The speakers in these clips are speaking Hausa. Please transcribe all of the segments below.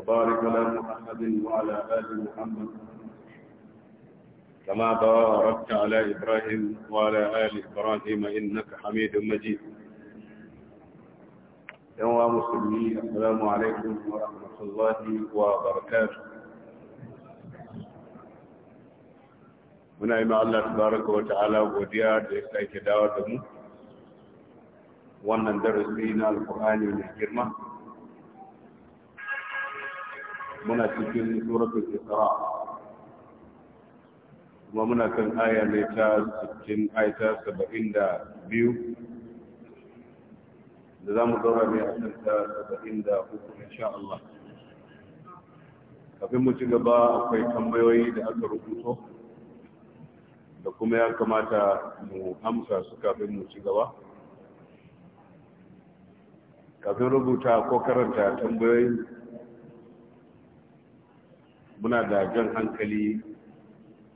وبارك على محمد وعلى آل محمد كما باركت على إبراهيم وعلى آل إبراهيم إنك حميد مجيد يا مسلمين السلام عليكم ورحمة الله وبركاته muna الله تبارك وتعالى wa ta'ala godiya da ya sake dawo da muna cikin suratul isra kuma muna kan aya ne ta 60 aya ta 72 da za mu dora ne a kan ta 73 insha Allah kafin mu ci gaba akwai tambayoyi da aka rubuto da kuma ya kamata mu amsa su kafin mu ci gaba kafin rubuta ko karanta tambayoyin muna da jan hankali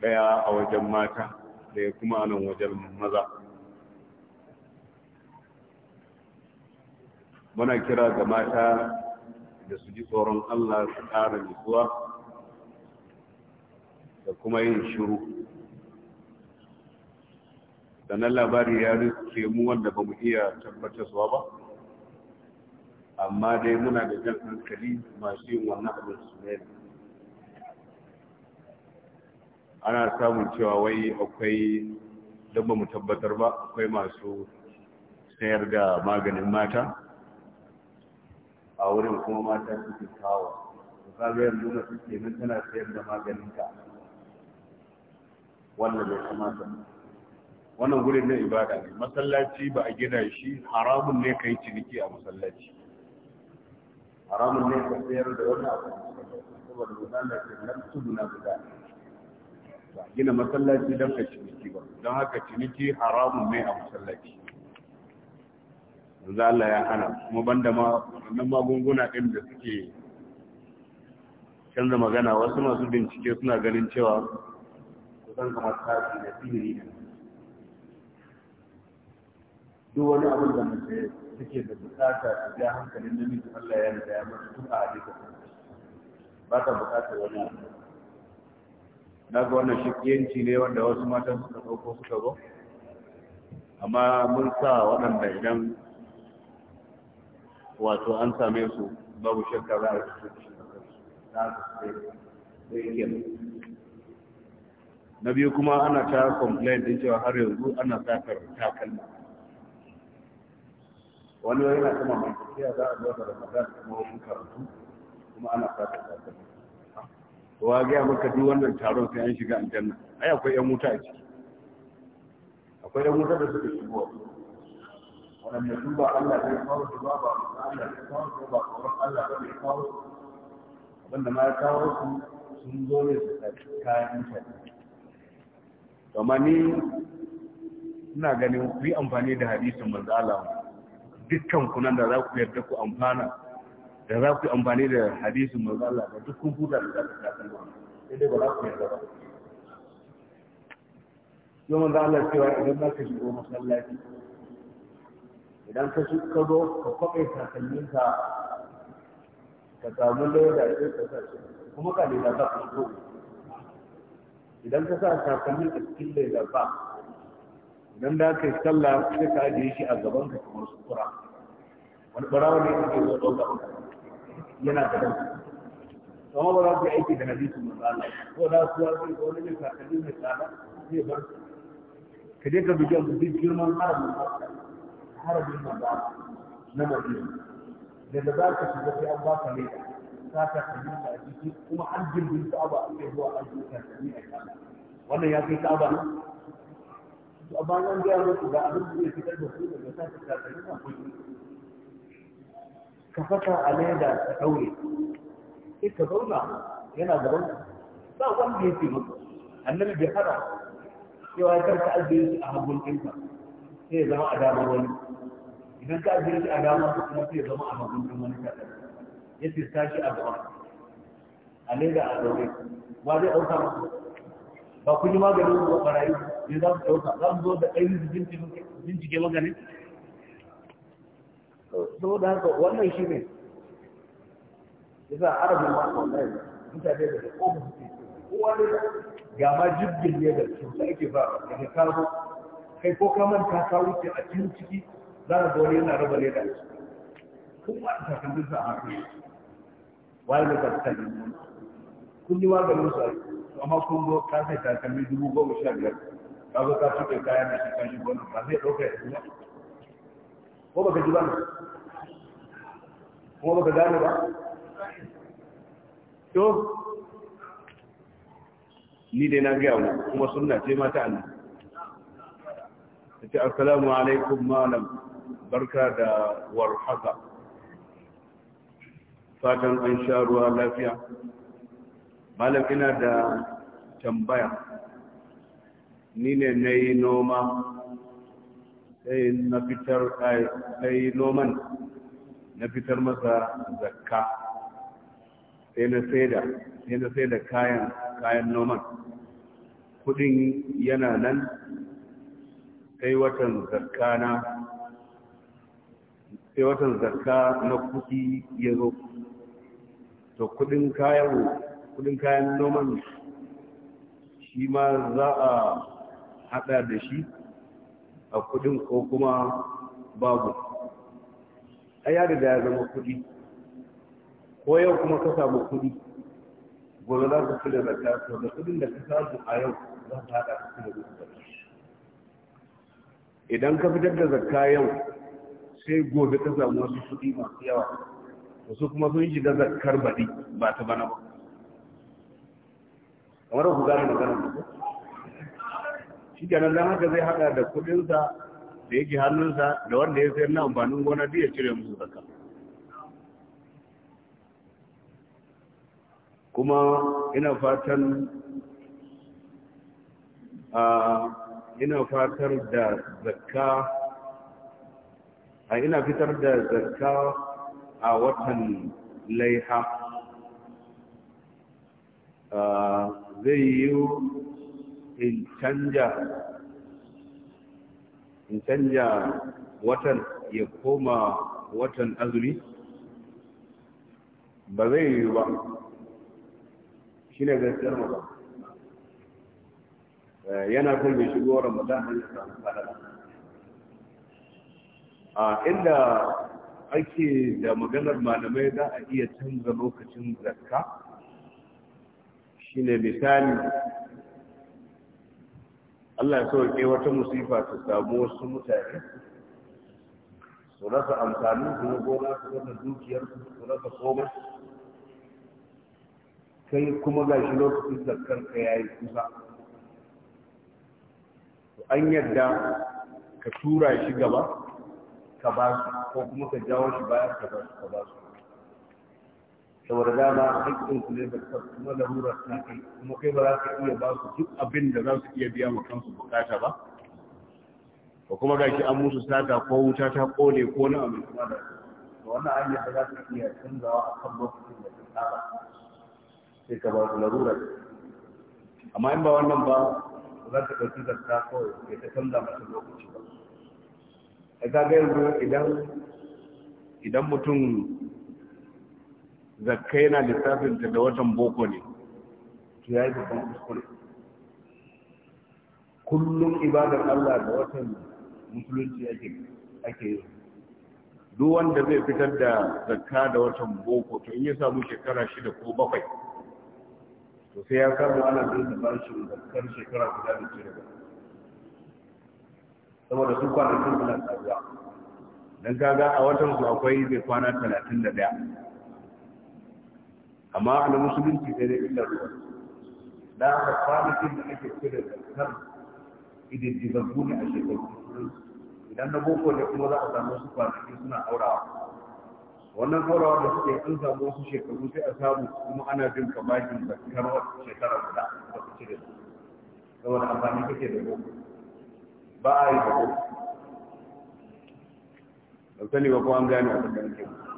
daya a wajen mata da kuma a nan wajen maza muna kira ga mata da su ji tsoron allah su ƙara nutsuwa da kuma yin shiru sannan labari ya rike mu wanda ba mu iya tabbatarwa ba amma dai muna da jan hankali masu yin wannan abin su ne ana samun cewa wai akwai don ba mu tabbatar ba akwai masu sayar da maganin mata a wurin kuma mata suke kawo kaga yanzu na suke nan tana sayar da maganinka. wannan bai kamata wannan gurin na ibada ne masallaci ba a gina shi haramun ne ka yi ciniki a masallaci haramun ne ka sayar da wannan abu saboda gudanar da nan tudu na gudanar ba gina masallaci don ka ciniki ba don haka ciniki haramun ne a masallaci za Allah ya hana kuma banda ma wannan magunguna ɗin da suke canza magana wasu masu bincike suna ganin cewa kusan kamar tafi da sihiri ne duk wani abin da mace take da bukata ta ja hankalin namiji Allah ya riga ya masu tun a jikin ba ta bukata wani abin na ga wannan shakiyanci ne wanda wasu matan suka ɗauko suka zo amma mun sa waɗanda idan wato an same su babu shakka za a yi su cikin kansu na biyu kuma ana ta complain din cewa har yanzu ana sakar takalma wani yana kuma mai tafiya za a zo da ramadan kuma wasu karatu kuma ana sakar takalma wa gaya maka duk wannan taron sai an shiga aljanna ai akwai yan wuta a ciki akwai yan wuta da suke shigo wannan sun ba Allah zai kawo su ba ba Allah zai kawo su ba kawar Allah zai kawo su abinda ma ya kawo su sun zo ne su tafi kayan mutane to ni ina ganin ku yi amfani da hadisin manzo Allah dukkan kunan da za ku yarda ku amfana da za ku amfani da hadisin mai Allah da duk kun huta da kasan sai dai ba za ku yarda ba yau manzo Allah cewa idan za ka shigo masallaci idan ka shi ka zo ka kwaɓe takalminka ka samu da sai ka sa kuma ka ne za ka shigo idan ka sa takalmin a cikin ya ba idan da ka yi sallah sai ka ajiye shi a gaban ka kamar sutura wani barawa ne ke zo ɗauka yana da dan kuma ba za su yi aiki da hadisin manzo Allah ko da su wani ko wani ka mai tsada zai bar ka je ka buga duk girman harabin haramin haramin manzo na Madina da da za ka shiga sai an ba ka leda ka ka kalli a jiki kuma an jirgin sa'aba a kai zuwa an jirgin kalli a kana wannan ya kai sa'aba to a bayan an gaya musu ga abin da zai fitar da su daga sa ta kalli na kuma ka saka a leda ka daure sai ka zauna yana gaban ba wanda ya ce maka annabi bai fara cewa kar ka ajiye shi a hagun ɗinka sai ya zama a damar wani idan ka ajiye shi a damar kuma sai ya zama a hagun ɗin wani kaɗan ya ce shi a gaba a leda a daure ba zai ɗauka maka ba ku yi maganin ba ɓarayi ne za su ɗauka za mu zo da ɗayin bincike maganin? saboda haka wannan shi ne ya sa arabin ma wannan mutane da kofa suke kowa ne ga ma jirgin ne da cuta ake ba kawo kai ko ka manta ka wuce a cikin ciki za ka yana raba leda da ciki kuma a takalmin sa a wani da ya kun yi da a amma kun zo ka sai takalmi dubu goma sha biyar ka zo ka kayan da shi kan shi gona ba zai ɗauka ya ko baka ji ba ne ko baka gane ba to ni dai na ga mu kuma sunna ce mata annabi ta assalamu alaikum malam barka da warhaka fatan an sha ruwa lafiya malam ina da tambaya ni ne na yi noma sai na fitar sai noman na fitar masa zakka sai na saida sai na saida kayan kayan noman kudin yana nan sai watan zakka na sai watan zakka na kudi ya zo to kudin kayan kudin kayan noman shi ma za a hada da shi a kudin ko kuma babu a ya da ya zama kudi ko yau kuma ka samu kudi gobe za ka cire da da kudin da ka samu a yau za ka hada su da zakka idan ka fitar da zakka yau sai gobe ka samu wasu kudi masu yawa wasu kuma sun shiga zakkar baɗi ba ta bana ba kamar ku gane ganin da shi kenan don haka zai hada da kudinsa da yake hannunsa da wanda ya sayar na amfanin gona duk ya cire musu zaka kuma ina fatan ina fatar da zakka a ina fitar da zakka a watan laiha zai yi in canja in canja watan ya koma watan azumi ba zai yi ba shi ne gaskiyar ba eh, yana son bai shigo ramadan don ya samu fadar a inda ake da maganar malamai za a iya canza lokacin zakka shi ne misali Allah ya sauke wata musifa ta samu wasu mutane su rasa amfani su na gona su rasa dukiyar su rasa komai kai kuma ga shi lokacin zakar ka yayi kusa an yadda ka tura shi gaba ka ba su ko kuma ka jawo shi baya ka ba su ka ba su saboda dama hakkin su ne da kuma rura suna kai kuma kai ba za ka iya ba su duk abin da za su iya biya ma kansu bukata ba ba kuma gashi an musu sata ko wuta ta kone ko na abin kuma da su wannan hanyar da za su iya canzawa a kan lokacin da ta tsara sai ka ba su rura. amma in ba wannan ba za ta ɗauki zarta kawai kai ta canza masa lokaci ba a ga yanzu idan idan mutum zakka yana lissafin ta da watan boko ne to ya yi babban kuskure kullum ibadar Allah da watan musulunci ake yi duk wanda zai fitar da zakka da watan boko to in ya samu shekara shida ko bakwai to sai ya samu ana zai da bashi zakkar shekara guda da cire ba saboda su kwanakin suna tsaruwa don kaga a watan su akwai zai kwana talatin da daya amma ana musulunci sai dai illar ruwa da aka kwanakin da ake cire zakar ididdigaggu ne a shekaru idan na boko ne kuma za a samu su kwanaki suna aurawa wannan aurawa da suke an samu wasu shekaru sai a samu kuma ana jin kamakin kama wata shekara guda da su cire su saboda amfani kake da boko ba a yi da boko. Ɗaukali ba ko an gane a tsakanin kenan.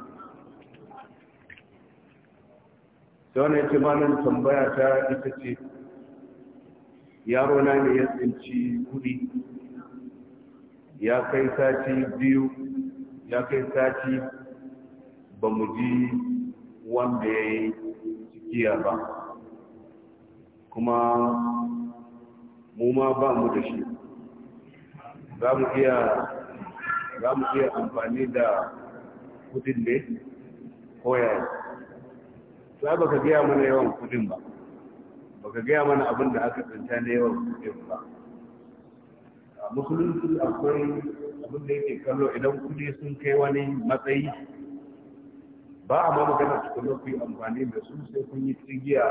da wani yake malam tambaya ta ita ce yaro na ne ya tsinci kuɗi ya kai sati biyu ya kai sati ba mu ji wanda ya yi cikiya ba kuma mu ma ba mu da shi za mu iya amfani da kudin ne yaya ba ka gaya mana yawan kudin ba ba ka gaya mana abin da aka tsanta na yawan kudin ba musulunci akwai abin da yake kallo idan kudi sun kai wani matsayi ba a mamu magana cikin ku amfani da su sai kun yi tsigiya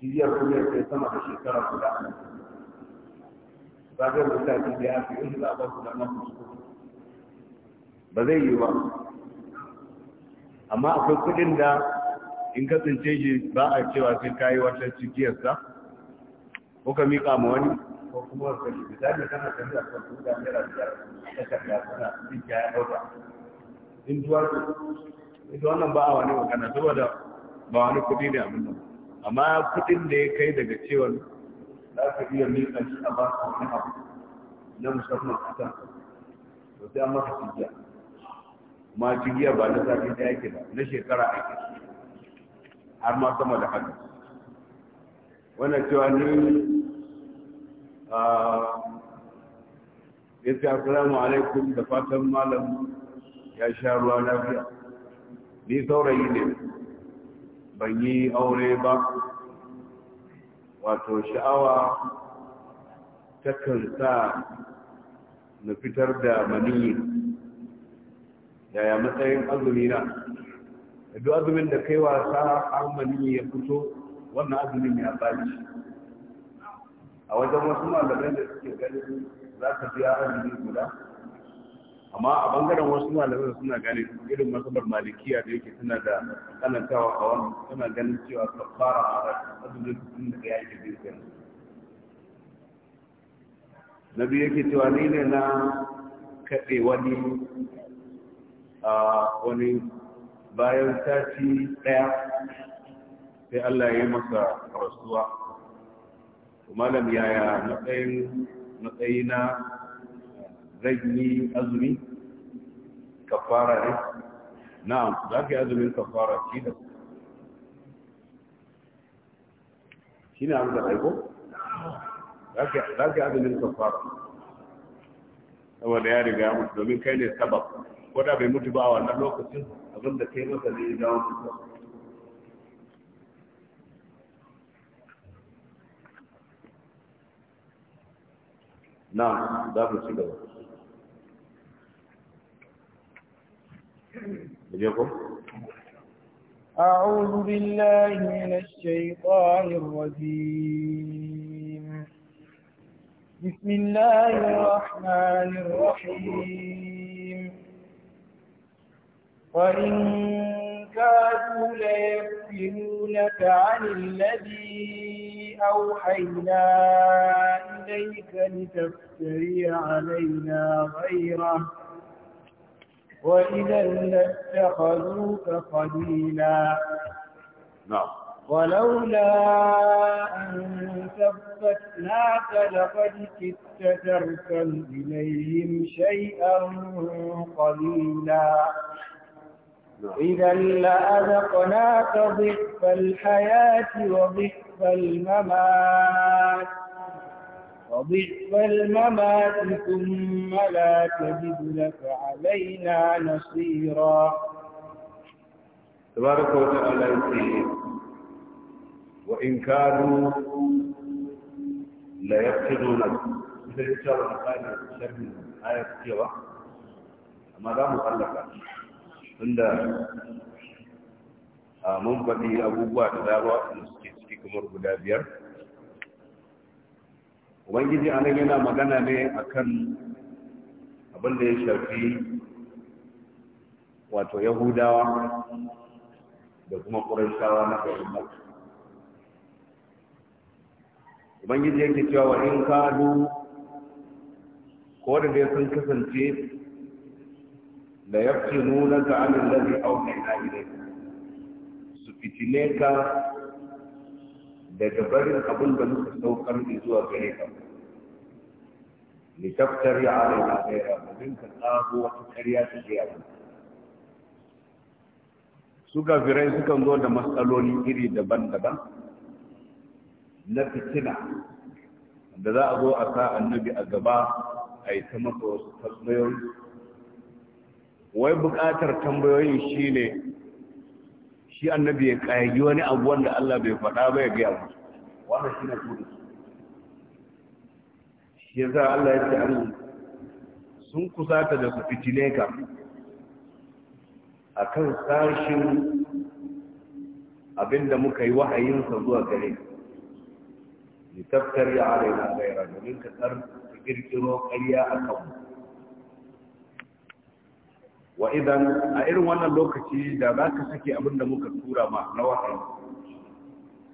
tsigiyar kuma sai sama da shekara guda ba zai mutane da ya fi yin labar su da nan ba zai yi ba amma akwai kudin da in ka kasance shi ba a cewa sai kayi wata cikiyarsa ko ka miƙa ma wani ko kuma ka shi misali kana kan da kan da naira biyar ta karya kana cikin ya dauka in duwa ita wannan ba a wani magana saboda ba wani kuɗi ne a nan amma kuɗin da ya kai daga cewar za ka iya miƙa shi a ba su wani abu na musamman a kan to sai an maka cikiya masu giya ba na sati da yake ba na shekara ake har ma sama da haka wannan cewa ni ya ce assalamu alaikum da fatan malam ya sha ruwa lafiya ni saurayi ne ban yi aure ba wato sha'awa takan sa na fitar da maniyi yaya matsayin azumi na duk azumin da kai wasa amani ya fito wannan azumin ya baci a wajen wasu malaman da suke ganin za ka biya azumi guda amma a bangaren wasu da suna ganin irin masabar malikiya da yake suna da kanantawa a wani suna ganin cewa kafara a azumin sun da ya yake bin na biyu yake cewa ne na kaɗe wani a wani bayan sati ɗaya sai Allah ya yi masa rasuwa da yaya matsayin matsayina zan azumi kafara ne na'am za ka yi azumin kafara shi da shi ne amsar aiko za ka yi azumin kafara saboda ya riga domin kai ne sabab koda bai mutu ba a wannan lokacin abin da kai masa ne ya dawo mutuwa na za mu ci gaba أعوذ بالله من الشيطان الرجيم بسم الله الرحمن الرحيم وإن كادوا ليفتنونك عن الذي أوحينا إليك لتفتري علينا غيره وإذا لاتخذوك قليلا نعم ولولا أن ثبتناك لقد كدت تركن إليهم شيئا قليلا نعم. إذا لأذقناك ضعف الحياة وضعف الممات وضعف الممات ثم لا تجد لك علينا نصيرا تبارك وتعالى وإن كانوا لا يقصدونك مثل إن شاء الله آية كثيرة أما لا مخلفة tunda a mun faɗi abubuwa da dama da suke ciki kamar guda biyar ubangiji a nan yana magana ne akan abin da ya shafi wato yahudawa da kuma ƙuransawa na garin ubangiji yake cewa wa in kadu ko da dai sun kasance da yaftinunaka an alladhi awhayna ilayka su fitine ka daga barin abin da muka saukar da zuwa gare ka litaftari ya ghayra domin ka tsago wata ƙarya ta gaya maka su gafirai sukan zo da matsaloli iri daban-daban na fitina da za a zo a sa annabi a gaba a yi ta masa wasu tasmayoyi wai buƙatar tambayoyin shi ne shi annabi ya ƙayyagi wani abu wanda Allah bai faɗa ba ya gaya musu wannan shi ne kudu shi ya sa Allah ya ce an sun kusata da su fitile ka a kan sashin abinda muka yi wahayinsa zuwa gare ni taftari a rai na gaira domin ka tsar ka ƙirƙiro ƙarya a kanmu wa idan a irin wannan lokaci da za ka sake abin da muka tura ma na wahayi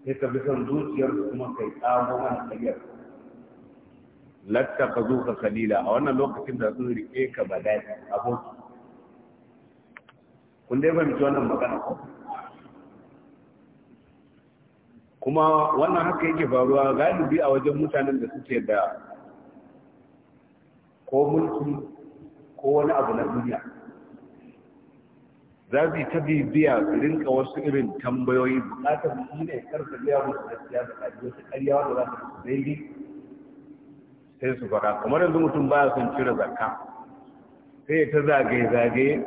sai ka bi son zuciyar kuma kai tsago mana tsayar latta ka zo ka kalila a wannan lokacin da sun rike ka ba da aboki kun dai fahimci wannan magana ko kuma wannan haka yake faruwa galibi a wajen mutanen da suke da ko mulki ko wani abu na duniya za su yi ta bibiya su rinka wasu irin tambayoyi bukatar shi ne karfa biya musu gaskiya da kaji wasu karyawa da za su su daidai sai su fara. kamar yanzu mutum baya son cire zakka sai ta zagaye-zagaye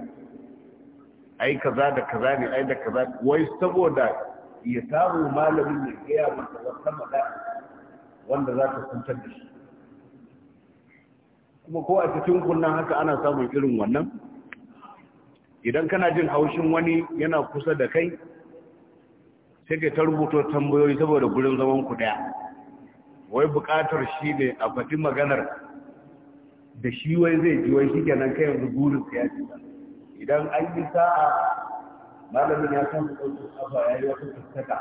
ai kaza da kaza ne ai da kaza wai saboda ya samu malamin ya gaya masa wata magana wanda za ta kuntar da shi kuma ko a cikin kunnan haka ana samun irin wannan idan kana jin haushin wani yana kusa da kai sai ka ta rubuto tambayoyi saboda gurin zaman ku daya wai bukatar shi ne a faɗi maganar da shi wai zai ji wai shi kenan kai yanzu burin ya ci idan an yi sa'a malamin ya san ɗauki kafa ya yi wata fuskata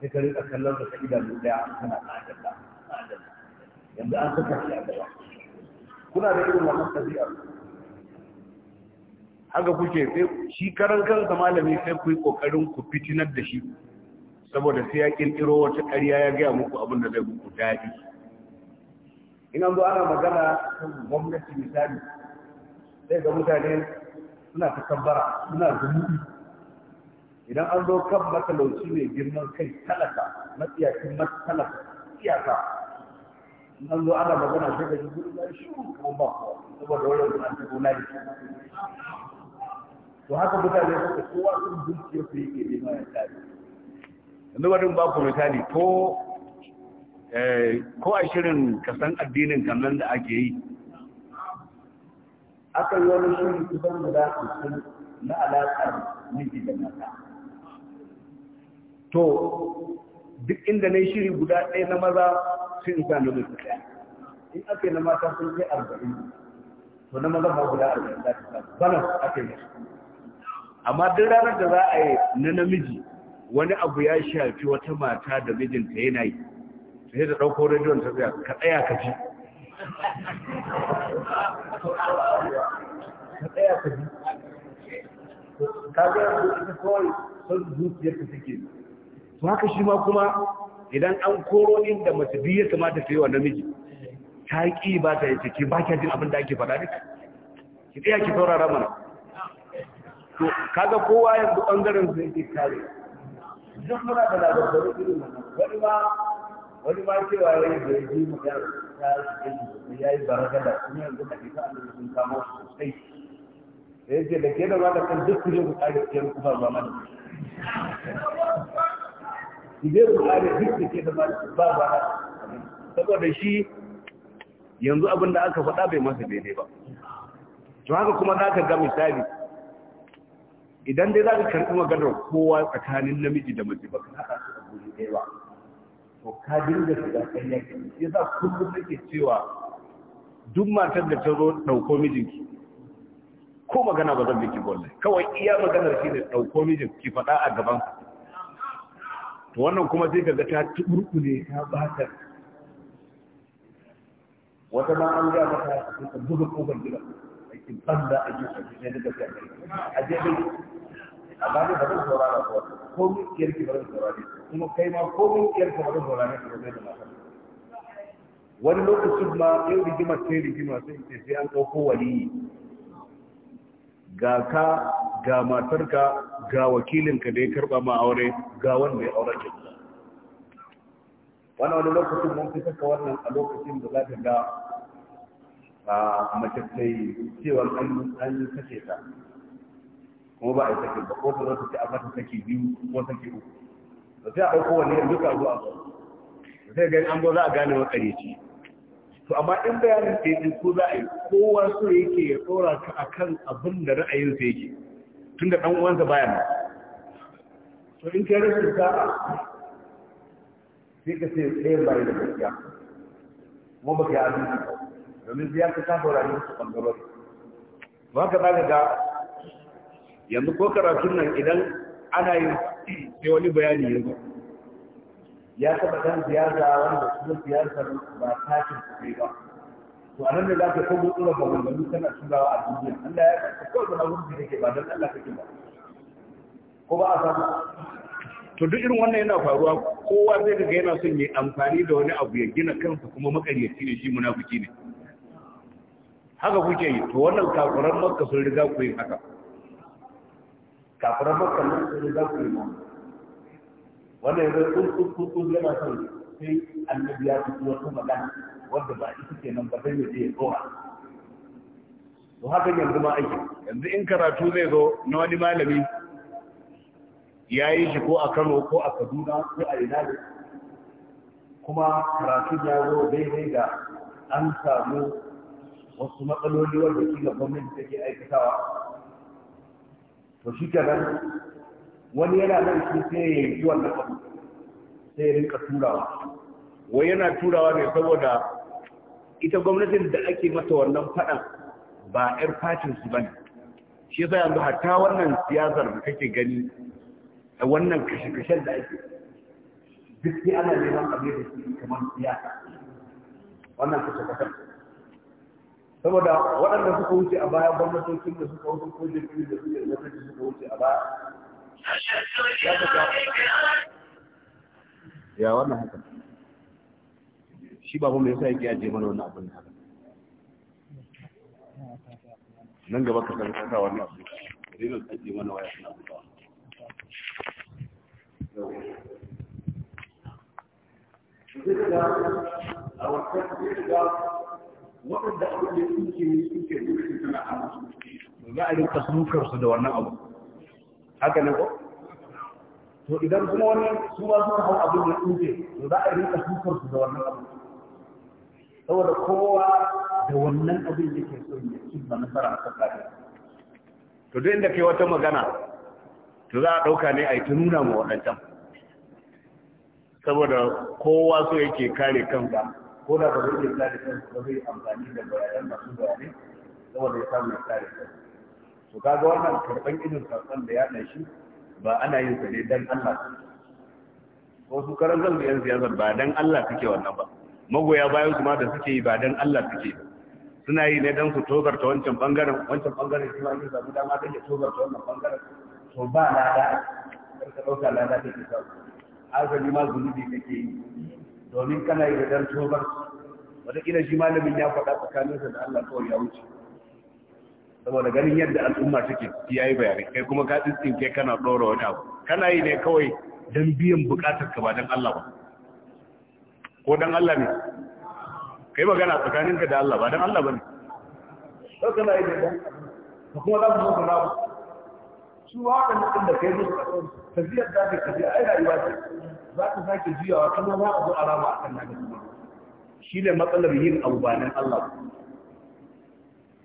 sai ka rika kallon da ta idanu daya kana ƙadalla yanzu an saka shi a gaba kuna da irin wannan ɗabi'ar haka kuke sai shi karan kansa malami sai ku yi kokarin ku fitinar da shi saboda sai ya kirkiro wata ƙarya ya gaya muku abin da zai ku daɗi ina zo ana magana kan gwamnati misali sai ga mutane suna ta tabbara, suna zumuɗi idan an zo kan matalauci mai girman kai talaka matsiyacin matalaka iyaka an zo ana magana sai ga shi gudun shi kuma ba saboda wani an tafi lafiya to haka mutane suka kowa sun zuciya su yake nema ya tsari yanzu barin ba ku misali ko eh, ko a shirin kasan addinin kannan da ake yi Aka yi wani shirin kusan guda sun na alaƙar miji da mata to duk inda na yi shiri guda ɗaya na maza sun isa na mutu ɗaya in aka yi na mata sun kai arba'in to na maza ba guda arba'in za ta sa balas ake yi amma duk ranar da za a yi na namiji wani abu ya shafi wata mata da mijinta yana yi sai da ɗauko rediyon ta tsaya ka tsaya ka ji ka tsaya ka ji ka ga ita kawai son zuciyar ta take to haka shi ma kuma idan an koro inda masu biye ya kamata ta yi wa namiji ta ƙi ba ta yi ciki ba kya jin abin da ake faɗa duka ki tsaya ki saurara mana to kaga kowa yanzu bangaren zai yake kare duk muna da labarbaru irin wannan wani ma wani ma cewa ya da ya ji mu ya shi ne ya yi baragada kuma yanzu da ke sa'an da sun kama su sosai da yake da ke da ma da kan duk kuje ku kare ke ku ba ba mana ki ku kare duk da ke da ba ba ba saboda shi yanzu abin da aka faɗa bai masa daidai ba to haka kuma za ka ga misali idan dai za ka karɓi maganar kowa tsakanin namiji da mace ba ka haɗa su a guri ɗaya ba to ka dinga shiga ƙarya kenan ya za kullum ke cewa duk matar da ta zo ɗauko mijinki ko magana ba zan biki bolle kawai iya maganar shi ne ɗauko mijin ki faɗa a gaban to wannan kuma sai ka ga ta tuburkule ta bata wata ma an ga mata ta buga kofar gidan banda wani lokacin ma yau rigima sai rigima sai ce sai an ɗauko waliyi ga ka ga matarka ga wakilinka da ya karɓa ma aure ga wanda ya aure ke wani wani lokacin mun fi saka wannan a lokacin da za ka ga matattai cewar an kashe ta kuma ba a yi sake ba ko kuma ta ce a mata sake biyu ko sake uku da sai a ɗauko wani yanzu ka zuwa ba da sai gani an zo za a gane makareci to amma in bayanin da yake ko za a yi kowa so yake ya tsora ka akan abin da sa yake tun da ɗan uwansa baya ma to in kai rashin ka sai ka sai tsaye bayan da gaskiya kuma ba ka yi abin ba domin ziyarta ta saurari su ɓangarori ba ka ba ga yanzu ko karatun nan idan ana yin sai wani bayani ya zo ya taɓa ɗan ziyarta wanda kuma ziyartar ba tashin kuɗi ba to a nan ne za ka kogo tsura ba wanda tana turawa a duniya Allah ya ka kawai na wurin da ke ba don Allah kake ba ko ba a samu to duk irin wannan yana faruwa kowa zai ga yana son ya amfani da wani abu ya gina kansa kuma makaryaci ne shi munafiki ne haka kuke yi to wannan kafiran makka sun riga ku yi haka kafiran makka nan sun riga ku yi wannan yanzu sun kun kun kun yana son sai annabi ya fi wasu magana wanda ba ita ke nan ba sai ya je ya tsoha to haka yanzu ma aiki yanzu in karatu zai zo na wani malami ya yi shi ko a kano ko a kaduna ko a inali kuma karatu ya zo daidai ga an samu wasu matsaloli wanda da gwamnati take aikatawa to shi nan wani yana nan shi sai ya yanki wannan abu sai ya rinka turawa wai yana turawa ne saboda ita gwamnatin da ake mata wannan faɗan ba 'yar fatin su ne. shi yasa yanzu hatta wannan siyasar da kake gani da wannan kashe-kashen da ake duk sai ana neman abin da su kamar siyasa wannan kashe-kashen saboda waɗanda suka wuce a baya gwamnatocin da suka wuce ko jirgin da suka gwamnati suka wuce a baya ya wannan haka shi babu mai yasa yake aje mana wannan abin haka nan gaba ka san kaka wannan abin rinin aje mana waya suna buga a waɗanda abin da suke yi suke nufin sana'a su za a yi sukar su da wannan abu haka ne ko to idan kuma wani su ba su hau abin da suke to za a yi sukar su da wannan abu saboda kowa da wannan abin yake so ya ci ba nasara a kan to duk inda kai wata magana to za a ɗauka ne a yi ta nuna ma waɗancan saboda kowa so yake kare kanka ko da ba zai iya kare kansa ba zai amfani da bayanan masu bayanai saboda ya samu ya kare kansa to kaga wannan karban idon sakon da ya shi ba ana yin sa ne dan Allah ko su karan zan biyan siyasar ba dan Allah suke wannan ba magoya bayan kuma da suke yi ba dan Allah suke suna yi ne dan su togarta wancan bangaren wancan bangaren shi ma zai samu dama dan ya togar wannan bangaren to ba lada kar ka dauka lada take samu azali ma zunubi take yi domin kana yi da dan tobar ina shi malamin ya faɗa tsakaninsa da Allah kawai ya wuce saboda ganin yadda al'umma take ya yi bayanai kai kuma ka kai kana ɗora wani abu kana yi ne kawai don biyan buƙatar ka ba don Allah ba ko don Allah ne kai magana tsakaninka da Allah ba don Allah ba ne sau kana yi da don kuma za ku zo ku su waɗanda ɗin da kai musu kasar tafiyar da ka tafiya ai rayuwa ce za ka sake juyawa kuma za a zo a rama a kan naka shi ne matsalar yin abu ba Allah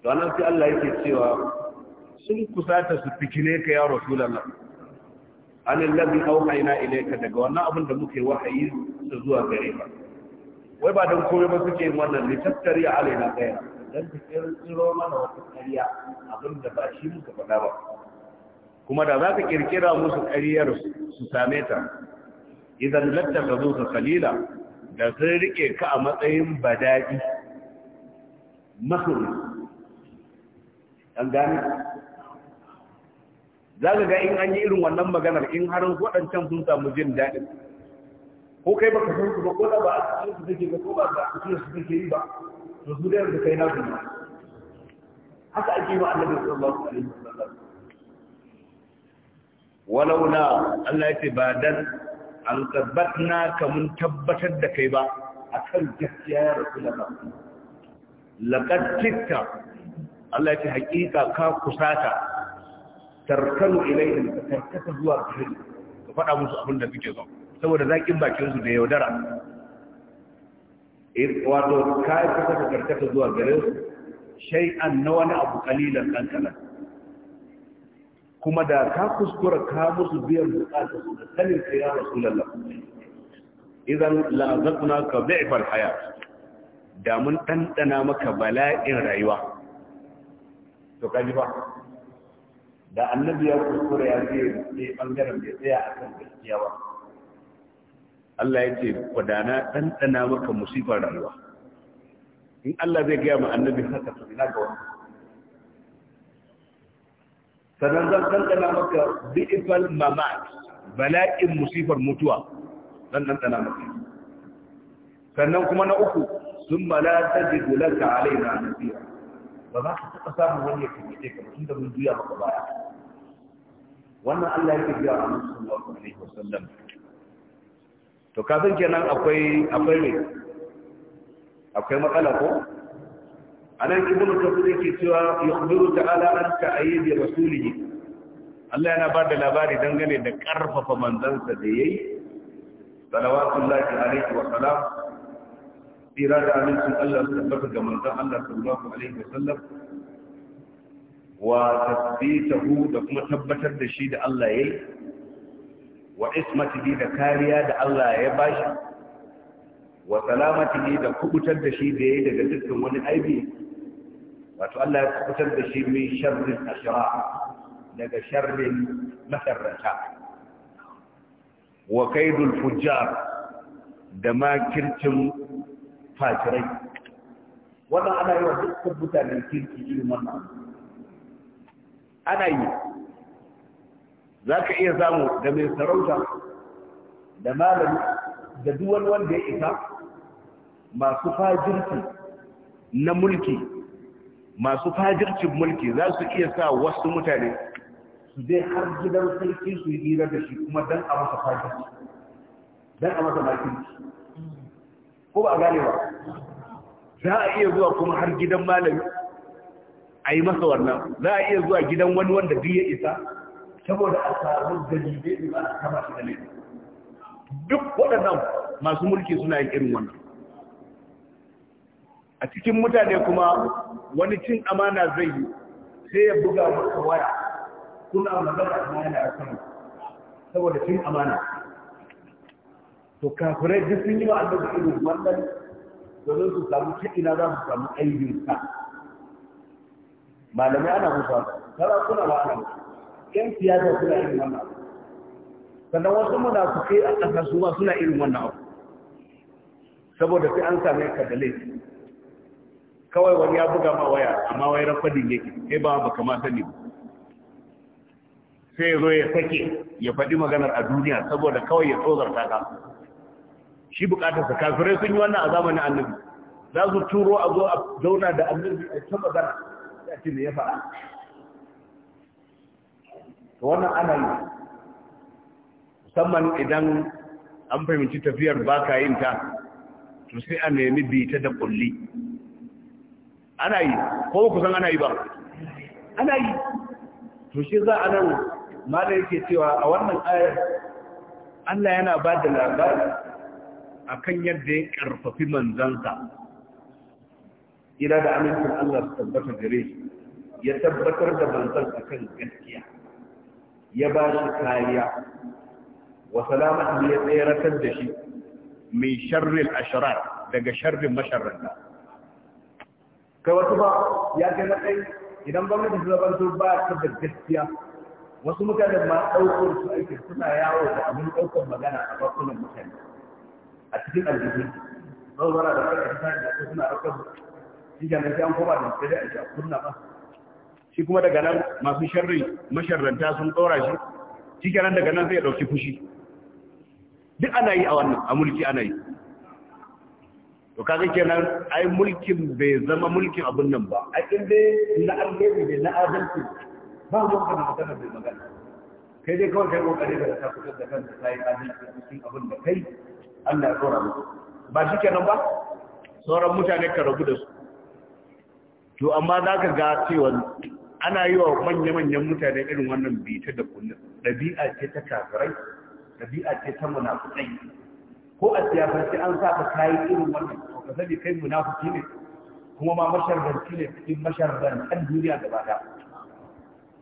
to anan sai Allah yake cewa sun kusata su fikine ka ya rasulullah anil ladhi awhayna ilayka daga wannan abin da muke wahayi su zuwa gare ka wai ba dan komai ba suke yin wannan litattari alaina kaya dan ta tsiro mana wata kariya abin da ba shi muka faɗa ba kuma da za ka kirkira musu kariyar su same ta idan lattaka zo ka kalila da sun rike ka a matsayin badaji masuri an gani za ka ga in an yi irin wannan maganar in har waɗancan sun samu jin daɗi? ko kai baka san su ba ko da ba a cikin su take ba ko ba a cikin su take yi ba to su da yanzu kai na su haka ake yi wa annabi sallallahu alaihi wasallam walauna Allah ya ce ba dan an tabbatna ka mun tabbatar da kai ba akan gaskiya ya rasulullah laqad Allah ya ce hakika ka kusata tarkanu ilaihim tarkata zuwa gare ka faɗa musu abin da kake so saboda zakin bakin su da yaudara eh, wato ka yi kusa da karkata zuwa gare su shay'an na wani abu kalilan kankanan kuma da ka kuskura ka musu biyan bukatar su da sanin ka ya rasulullah idan la'azakuna ka bi'far haya da mun ɗanɗana maka bala'in rayuwa to ka ji ba da annabi ya kuskura ya ce ne bangaren bai tsaya a kan gaskiya ba Allah ya ce kwadana ɗanɗana maka musifar rayuwa in Allah zai gaya ma annabi haka to ina ga wani sannan zan ɗanɗana maka bi'ifal mamat bala'in musifar mutuwa zan ɗanɗana maka sannan kuma na uku sun mala ta ji gulanta alai na nasiya ba za ka taɓa samun wani ya kake ka mutum da mun juya maka baya wannan allah yake biya a musu sallallahu alaihi wasallam to kafin kenan akwai akwai ne akwai matsala ko anan ibn kafir yake cewa yukhbiru ta'ala an ta'ayyid rasulihi Allah yana ba da labari dangane da karfafa manzansa da yayi salawatullahi alaihi wa salam tsira da amincin Allah su tabbata ga manzan Allah sallallahu alaihi wa sallam wa tasbitahu da kuma tabbatar da shi da Allah yayi wa ismatihi da kariya da Allah ya bashi wa salamatihi da kubutar da shi da yayi daga dukkan wani aibi wato Allah ya kubutar da shi min sharrin ashra daga sharrin masarrata wa kaidul fujjar da makircin fajirai wannan ana yi wa dukkan mutanen kirki irin wannan ana yi za ka iya samu da mai sarauta da malami da duwan wanda ya isa masu fajirki na mulki masu fajircin mulki za su iya sa wasu mutane su je har gidan sarki su yi hira da shi kuma dan a masa fajirci dan a masa makirci ko ba a gane ba za a iya zuwa kuma har gidan malami a yi masa wannan za a iya zuwa gidan wani wanda duk ya isa saboda a samun galibe ne ba a kama shi da laifi duk waɗannan masu mulki suna yin irin wannan a cikin mutane kuma wani cin amana zai yi sai ya buga maka waya suna magana amana a sama saboda cin amana to kafirai duk sun yi wa annabi irin wannan domin su samu ina za su samu sa malamai ana musa sarakuna ba ana musa yan siyasa suna irin wannan sannan wasu munafukai a ƙasa su ma suna irin wannan abu saboda sai an same ka da laifi kawai wani ya buga ma waya amma wai rafadin yake sai ba baka ma sani ba sai ya zo ya sake ya faɗi maganar a duniya saboda kawai ya ta ka shi bukatar sa kafirai sun yi wannan a zamanin annabi za su turo a zo a zauna da annabi a ta magana ya ce me ya faɗa to wannan ana yi musamman idan an fahimci tafiyar baka yin ta to sai a nemi bita da kulli ana yi ko ku san ana yi ba ana yi to shi za a nan malar yake cewa a wannan ayar Allah yana ba da labari a kan yadda ya ƙarfafi manzansa ila da amincin Allah tabbata gare ya tabbatar da manzan a kan gaskiya ya ba shi kariya wa salamatu ya tseratar da shi mai sharrin ashirar daga sharrin masharranta kai wasu ba ya kai matsayi idan gwamnati su zaban su ba ta da gaskiya wasu mutane ma ɗaukar su aikin suna yawo da abin ɗaukar magana a bakunan mutane a cikin aljihu sau zara da kai a cikin da su suna ɗaukar shi ga nan an koma da aiki a kunna ba shi kuma daga nan masu sharri masharranta sun ɗora shi shi nan daga nan zai ɗauki fushi duk ana yi a wannan a mulki ana yi to kaga kenan ai mulkin bai zama mulkin abin nan ba ai in dai na alheri ne na adalci ba mu kan magana bai magana kai dai kawai kai kokari da ta fitar da kanka sai ji cikin abin da kai Allah ya tsora muku ba shi kenan ba sauran mutane ka rabu da su to amma za ka ga cewa ana yi wa manya-manyan mutane irin wannan bita da kullum ɗabi'a ce ta kafirai ɗabi'a ce ta munafukai ko a siyasance an sa ka kayi irin wannan ko ka sani kai munafiki ne kuma ma masharranci ne cikin ɗan duniya gaba ɗaya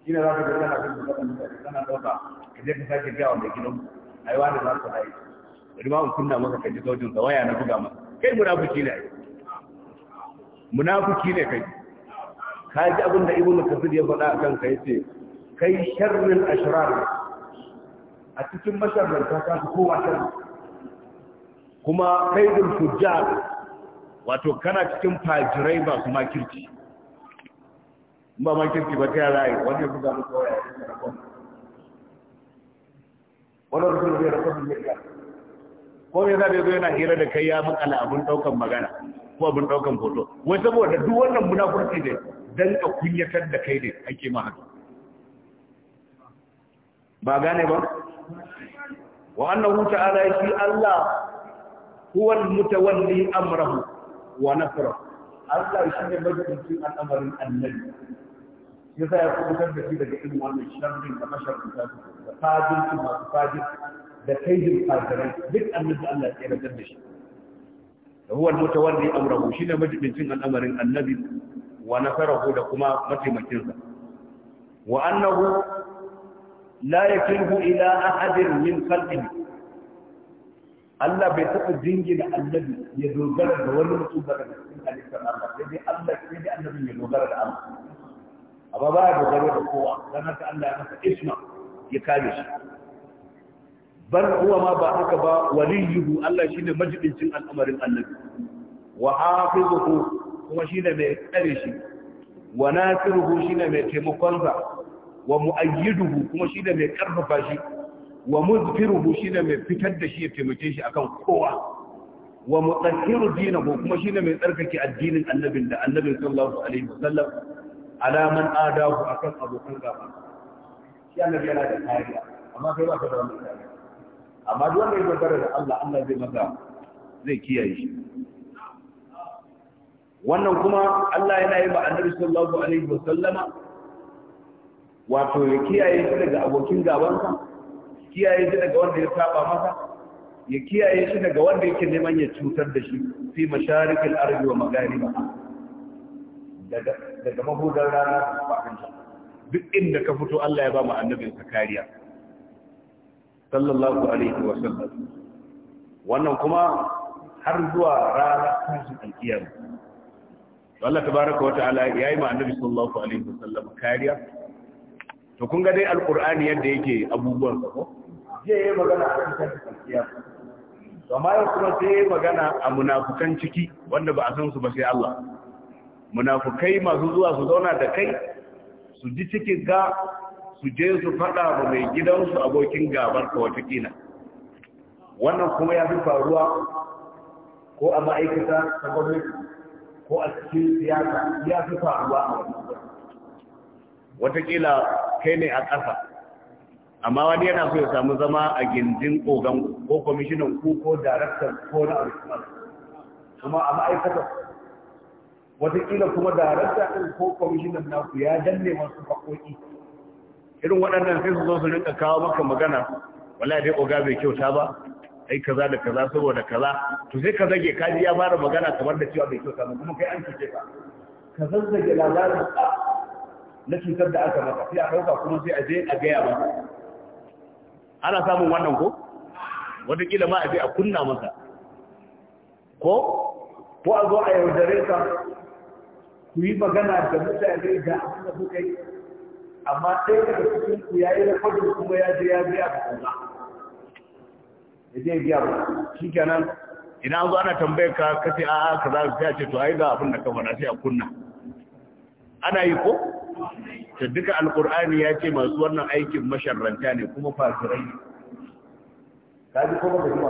shi ne za ka ga kana kan gaba mutane kana ɗauka ka je ka sake gaya wa mai gidan ai wani za ka yi. bari ma mun kunna maka kaji saujin da waya na buga maka kai munafiki ne ai munafiki ne kai ka ji abin da ibnu kasir ya faɗa akan kai ce kai sharrin ashrar a cikin ta ka kowa sharri kuma kaidul fujjar wato kana cikin fajirai ba su makirci ba makirci ba ta rayu wani buga na waya wani rukun zai rukun zai ya ko ne za da zo yana hira da kai ya makala abin daukan magana ko abin daukan foto wai saboda duk wannan munafurci ne dan ka kunyatar da kai ne ake ma haka ba gane ba wa annahu ta'ala shi Allah huwa mutawalli amrahu wa nasrahu Allah shi ne majibincin al'amarin annabi ya sa ya kubutar da shi daga irin wannan sharrin da masharkuta su da fadinci masu fadin da kaidin fadirai duk annabi Allah ya rajar da shi da huwa mutawalli amrahu shi ne majibincin al'amarin annabi wa nasarahu da kuma mataimakinsa wa annahu la yakilhu ila ahadin min khalqihi Allah bai taɓa jingina annabi ya dogara da wani mutum daga cikin halittar Allah sai dai Allah sai dai annabi ya dogara da Allah amma ba ya dogara da kowa dan haka Allah ya masa isma ya kare shi bal huwa ma ba haka ba waliyuhu Allah shine majidincin al'amarin annabi wa hafizuhu kuma shine mai tsare shi wa nasiruhu shine mai taimakon sa wa mu'ayyiduhu kuma shine mai karfafa shi wa muzfiruhu shine mai fitar da shi ya taimake shi akan kowa wa mutahhiru dinahu kuma shine mai tsarkake addinin annabin da annabin sallallahu alaihi wasallam ala man adahu akan abokan gaba shi annabi yana da kariya amma kai ba ka da wannan kariya amma duk wanda ya dogara da Allah Allah zai maka zai kiyaye shi wannan kuma Allah yana yi ba annabi sallallahu alaihi wasallama wato ya kiyaye shi daga abokin gabansa kiyaye shi daga wanda ya saba masa ya kiyaye shi daga wanda yake neman ya cutar da shi fi masharikin ardi wa maghariba daga daga mahudar rana da fadin duk inda ka fito Allah ya ba mu annabin sa kariya sallallahu alaihi wa sallam wannan kuma har zuwa rana tashin alkiyama Allah tabaraka wa ta'ala ya yi ma annabi sallallahu alaihi wa sallam kariya to kun ga dai alkur'ani yadda yake abubuwan sa ko je yayi magana a cikin tsakiya to amma yau kuma sai yayi magana a munafukan ciki wanda ba a san su ba sai Allah munafukai masu zuwa su zauna da kai su ji cikin ga su je su fada ba mai gidansu abokin gabar ka wata wannan kuma ya fi faruwa ko a ma'aikata ta gwamnati ko a cikin siyasa ya fi faruwa a wannan watakila kai ne a ƙasa amma wani yana so ya samu zama a gindin ƙogan ko kwamishinan ku ko daraktar ko na abubuwan kuma a ma'aikatar watakila kuma darakta ɗin ko kwamishinan naku ya danne masu haƙoƙi irin waɗannan sai su zo su rinka kawo maka magana wala dai oga bai kyauta ba ai kaza da kaza saboda kaza to sai ka zage kaji ya fara magana kamar da cewa bai kyauta ba kuma kai an kike ka ka zazzage labarin na cutar da aka maka sai a ɗauka kuma sai a je a gaya masa ana samun wannan ko wataƙila ma a je a kunna masa ko ko a zo a yaudare ka ku yi magana da mutane da abin da kuka yi amma sai daga cikin ku ya yi rikodin kuma ya je ya biya a kuma ya je biya ba shi kenan ina zo ana tambayar ka kace a'a kaza sai a ce to ai ga abin da ka faɗa sai a kunna ana yi ko ta duka alkur'ani ya ce masu wannan aikin masharranta ne kuma fasirai ka ji kuma gaba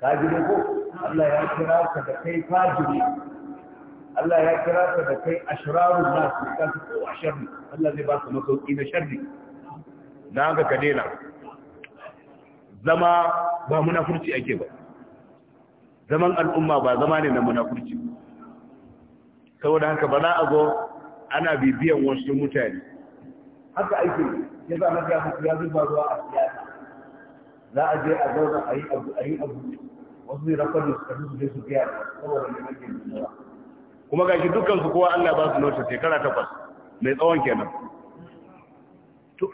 ka ji ne ko Allah ya kira ka da kai fajiri Allah ya kira ka da kai ashrarun nasu ka su kowa sharri Allah zai ba ka masauki na sharri na haka ka zama ba munafurci ake ba zaman al'umma ba zama ne na munafurci saboda haka ba za a zo ana bibiyan wasu mutane haka ake ya za na ya ya ba zuwa a siyasa za a je a zauna a yi abu a yi abu wasu zai rafa da suka su je su biya saboda ne ake bibiya kuma ga shi dukkan su kowa Allah ba su nota shekara takwas mai tsawon kenan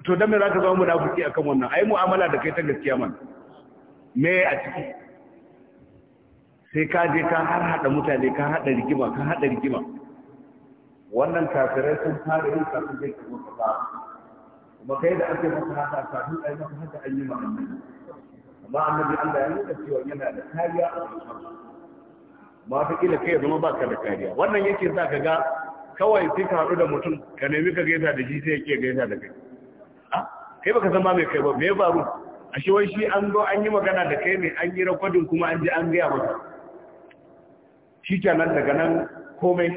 to dan me za ka zama munafiki akan wannan ai mu'amala da kai ta gaskiya man me a ciki sai ka je ka har hada mutane ka hada rigima ka hada rigima wannan kafirai sun fara yin kafin zai kazo ba kuma kai da ake masa haka kafin a yi masa haka an yi ma annabi amma annabi Allah ya nuna cewa yana da kariya a cikin ma ta kila kai zama ba ka da kariya wannan yake sa ka ga kawai sai ka haɗu da mutum ka nemi ka gaisa da shi sai ya ke gaisa da kai kai baka san ma mai kai ba me ya faru a shi wai shi an zo an yi magana da kai ne an yi rakwadin kuma an ji an gaya masa shi kenan daga nan komai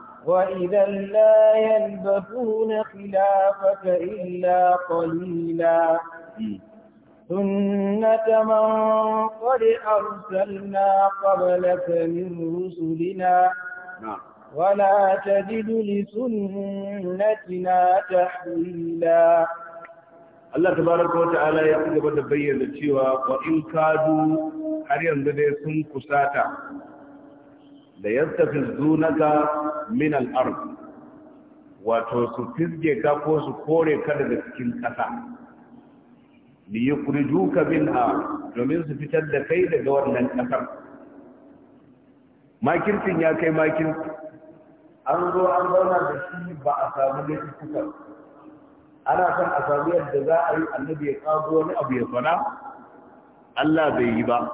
وإذا لا يلبثون خلافك إلا قليلا سنة من قد أرسلنا قبلك من رسلنا ولا تجد لسنتنا تحويلا Allah tabaraka wa ta'ala ya gaba da bayyana cewa wa in kadu har yanzu dai sun kusata da yastafizzunaka min al wato su fizge ka ko su kore ka daga cikin ƙasa duka min a domin su fitar da kai daga wannan ƙasar makirkin ya kai makin an zo an zauna da shi ba a samu laifukan ana kan a samu yadda za a yi annabi ya kago wani abu ya fara Allah bai yi ba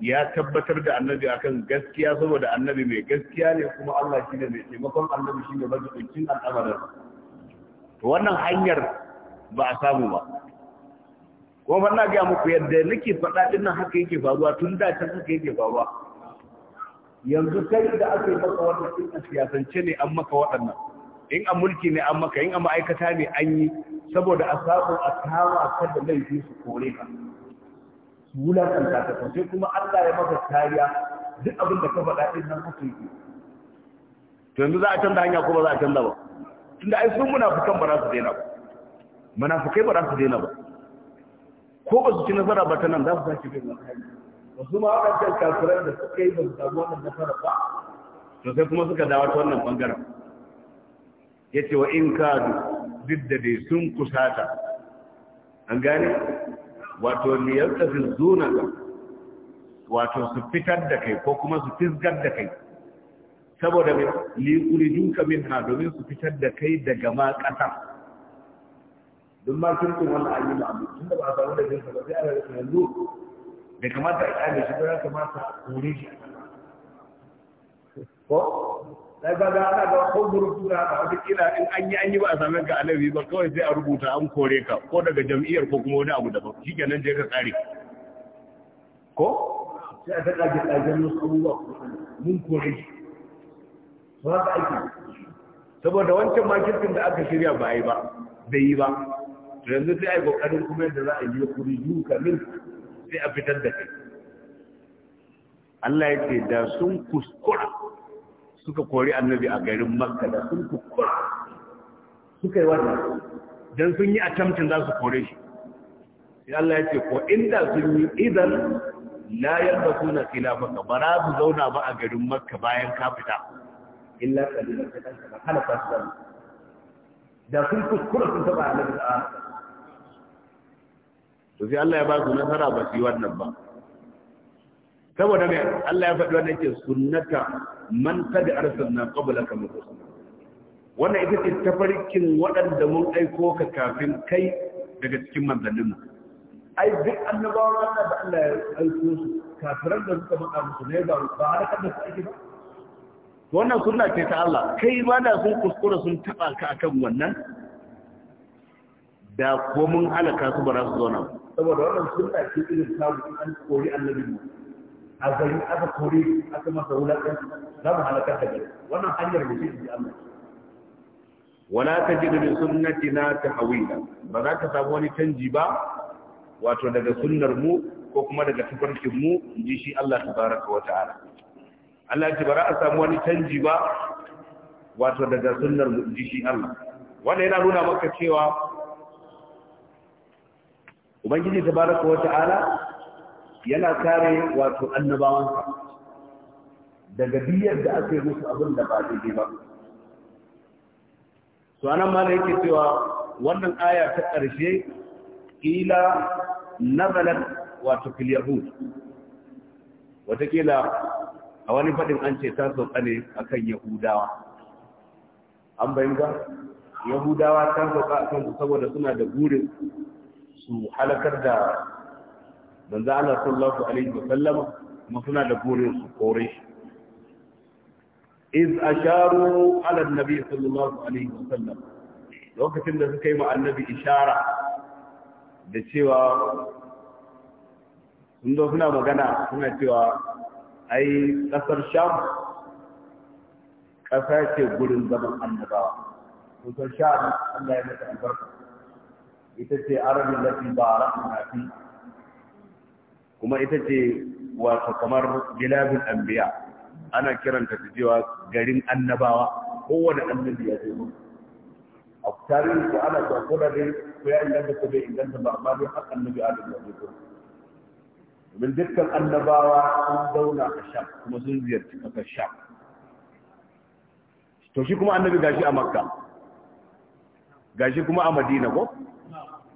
ya tabbatar da annabi akan gaskiya saboda annabi mai gaskiya ne kuma Allah shi ne mai taimakon annabi shi ne majibincin al'amarin to wannan hanyar ba a samu ba kuma ban na gaya muku yadda nake faɗa ɗin nan haka yake faruwa tun da can haka yake faruwa yanzu kai da aka yi maka wannan in a siyasance ne an maka waɗannan in a mulki ne an maka in a ma'aikata ne an yi saboda a samu a kama kada laifi su kore ka Wula wulakanta ta sai kuma Allah ya maka kariya duk abin da ka faɗa din nan haka yake to yanzu za a canza hanya ko ba za a canza ba tunda ai sun munafukan ba za su daina ba munafukai ba za su daina ba ko ba su ci nasara ba ta nan za su sake bin wani hanya su ma waɗancan kafiran da suka yi ba su samu wannan nasara ba to sai kuma suka dawo ta wannan bangaren ya ce wa in kadu duk da dai sun kusata an gane wato zuna zunaka wato su fitar da kai ko kuma su fisgar da kai saboda mai liƙurijinka min ha domin su fitar da kai daga ma ƙasa don ma kirkin wannan ayi yi abu tun da ba a samu da jinsa ba sai ana rikin yanzu da kamata a ƙyale shi ba ya kamata a kore shi ko sai ka ga ana da hudur tura a wata kila in an yi an yi ba a same ka alawi ba kawai sai a rubuta an kore ka ko daga jam'iyyar ko kuma wani abu daban nan je ka tsare ko sai a taƙa kaji kajen wasu abubuwa mun kore shi ba ka aiki saboda wancan makirkin da aka shirya ba yi ba bai yi ba yanzu sai a yi kokarin kuma yadda za a yi kuri yiwu kamin sai a fitar da kai Allah ya ce da sun kuskura suka kori annabi a garin makka da sun kukkura suka yi wannan don sun yi attempting za su kore shi sai Allah ya ce ko inda sun yi idan la yalbasu na khilafaka ba za su zauna ba a garin makka bayan ka fita illa kalilan ta kanka ba halaka su zama da sun kukkura sun taba annabi a to sai Allah ya ba su nasara ba su yi wannan ba saboda mai Allah ya faɗi wannan ke sunnata man kada arsalna qabla ka rusul wannan ita ce tafarkin waɗanda mun aiko ka kafin kai daga cikin manzannin mu ai duk annabawan Allah da Allah ya aiko su kafiran da suka faɗa musu ne ba ba har kada su ake ba wannan sunna ce ta Allah kai ma da sun kuskura sun taba ka akan wannan da ko mun halaka su ba za su zauna saboda wannan sunna ce irin samu, an kori annabi mu a gari aka kore aka masa wulaƙar za mu halakar da gari wannan hanyar da shi Allah wala ta ji da sunnati na ta hawila ba za ka samu wani canji ba wato daga sunnar mu ko kuma daga tafarkin mu ji shi Allah ta baraka wa ta'ala Allah ya bara a samu wani canji ba wato daga sunnar mu ji shi Allah wanda yana nuna maka cewa ubangiji baraka wa ta'ala yana kare wato annabawansa daga biyar da aka yi musu abin da ba daidai ba to anan ma da yake cewa wannan aya ta ƙarshe ila nazalat wato fil yahud watakila a wani faɗin an ce ta sauka ne akan yahudawa an bayyana yahudawa ta sauka akan saboda suna da burin su halakar da Banza Allah sallallahu alaihi wasallam kuma suna da gore su kore shi iz asharu ala annabi sallallahu alaihi wasallam lokacin da suka yi ma annabi ishara da cewa sun zo suna magana suna cewa ai kasar sham kasa ce gurin zaman annabawa kusan sham Allah ya mata albarka ita ce arabin lafi ba ra'ana fi kuma ita ce wato kamar bilabin anbiya ana kiranta da cewa garin annabawa kowane annabi ya zo a tarihin ko ana da koda dai ko ya inganta ko bai inganta ba amma dai har annabi adam ya zo domin dukkan annabawa sun zauna a sham kuma sun ziyarci kasar sham to shi kuma annabi gashi a makka gashi kuma a madina ko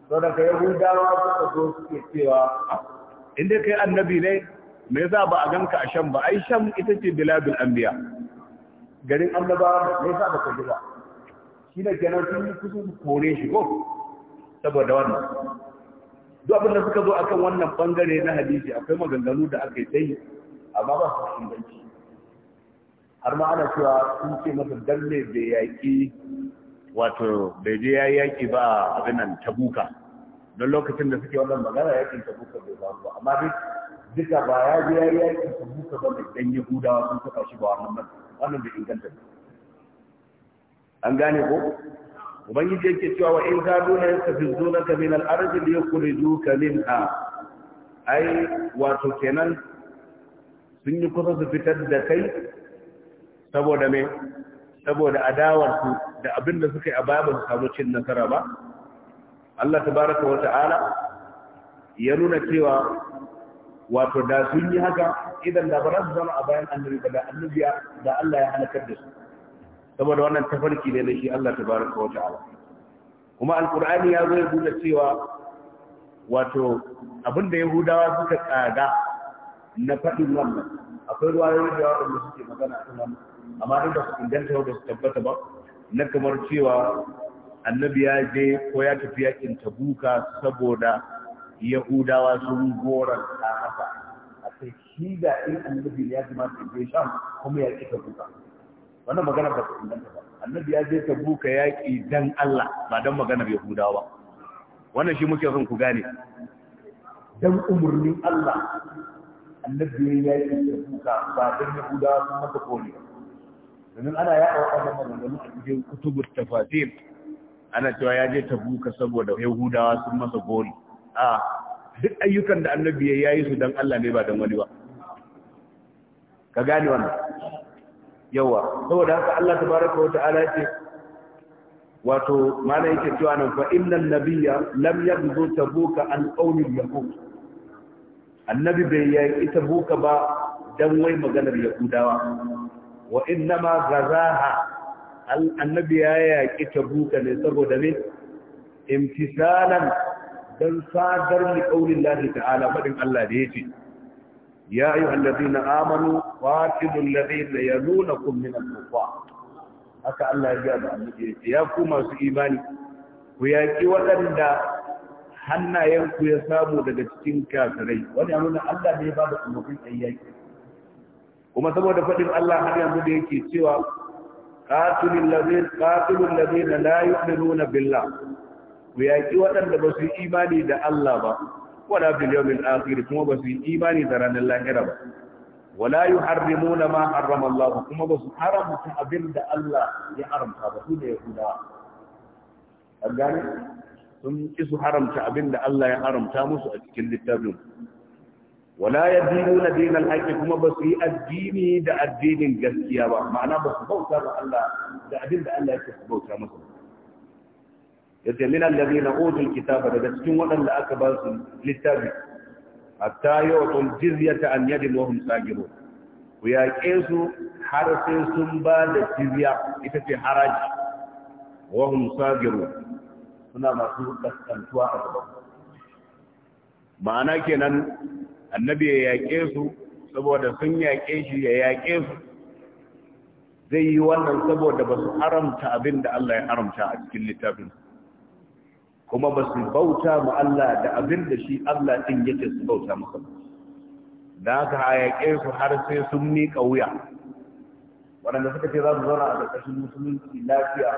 saboda ka yahudawa suka zo suke cewa inda kai annabi ne me yasa ba a ganka a sham ba ai sham ita ce biladul anbiya garin annaba me yasa ba ka ji ba shi ne kenan sun yi kusa kore shi ko saboda wannan duk abin da suka zo akan wannan bangare na hadisi akwai maganganu da aka yi tsayi amma ba su inganci har ma ana cewa sun ce masa dalle bai yaƙi wato bai je ya yaƙi ba abin nan tabuka don lokacin da suke wannan magana yakin buka bai ba ba amma duk duka ba ya biya yayi yakin buka ba mai. dan yahudawa sun saka shi ba wannan ba wannan bai inganta ne. an gane ko ubangiji yake cewa wa in na la yastafizunaka min al-ard li yukhrijuka minha ai wato kenan sun yi kusa su fitar da kai saboda me saboda adawar su da abin da suka yi a babu su samu cin nasara ba Allah tabaraka wa ta'ala ya nuna cewa wato da sun yi haka idan da ba za su zama a bayan annabi ba da annabiya da Allah ya halakar da su saboda wannan tafarki ne na shi Allah tabaraka wa ta'ala kuma alqur'ani ya zo ya nuna cewa wato abinda yahudawa suka tsada na fadin wannan akwai ruwayoyi da waɗanda suke magana a kan wannan amma duk da su inganta da su tabbata ba na kamar cewa annabi ya je ko ya tafi yakin tabuka saboda yahudawa sun goran a haka a sai shi da irin annabi ya ji masu je sham kuma ya ki tabuka wannan magana ba ta inganta ba annabi ya je tabuka yaƙi dan Allah ba dan maganar yahudawa ba wannan shi muke son ku gane dan umarnin Allah annabi ya yi tabuka ba dan yahudawa sun mata koli domin ana yaɗa waɗannan maganganu a cikin kutubu tafasir ana cewa ya je tabuka saboda yahudawa sun masa gori a duk ayyukan da annabi ya yi su don Allah ne ba don wani ba ka gani wannan yawa saboda haka Allah tabaraka wa ta'ala ce wato mana yake cewa nan fa innal nabiyya lam yaghzu tabuka an qawli yahud annabi bai yi ita buka ba dan wai maganar yahudawa wa innama gazaha annabi ya yaƙi tabuka ne saboda ne imtisalan don sadar da ƙaunin lafi ta'ala faɗin Allah da ya ce ya yi hallazi na amanu fatilun lafi da ya nuna kummin alfafa haka Allah ya biya da annabi ya ce ya ku masu imani ku yaƙi waɗanda hannayenku ya samu daga cikin kafirai wani ya nuna Allah ne ba da umarnin ayyaki kuma saboda faɗin Allah har yanzu da yake cewa qatilul ladina qatilul ladina la yu'minuna billah ku yaki waɗanda ba su yi imani da Allah ba wala bil yawmil akhir kuma ba su yi imani da ranar lahira ba wala yuharrimuna ma harrama Allah kuma ba su haramta abin da Allah ya haramta ba su da yahuda an sun ki su haramta abin da Allah ya haramta musu a cikin littafin wala na dinal haqqi kuma ba su yi addini da addinin gaskiya ba ma'ana ba su bauta ba Allah da abin da Allah yake su bauta masa yace min na utul kitaba daga cikin waɗanda aka ba su littafi hatta yutul jizyata an yadin wa hum sagirun ku yaƙe su har sai sun ba da jizya ita ce haraji wa hum suna masu kaskantuwa a gaban ma'ana kenan annabi ya yaƙe su saboda sun yaƙe shi ya yaƙe su zai yi wannan saboda ba su haramta abin da Allah ya haramta a cikin littafin kuma ba su bauta ma Allah da abin da shi Allah ɗin yake su bauta masa da haka a yaƙe su har sai sun miƙa wuya waɗanda suka ce za su zauna a ƙarƙashin musulunci lafiya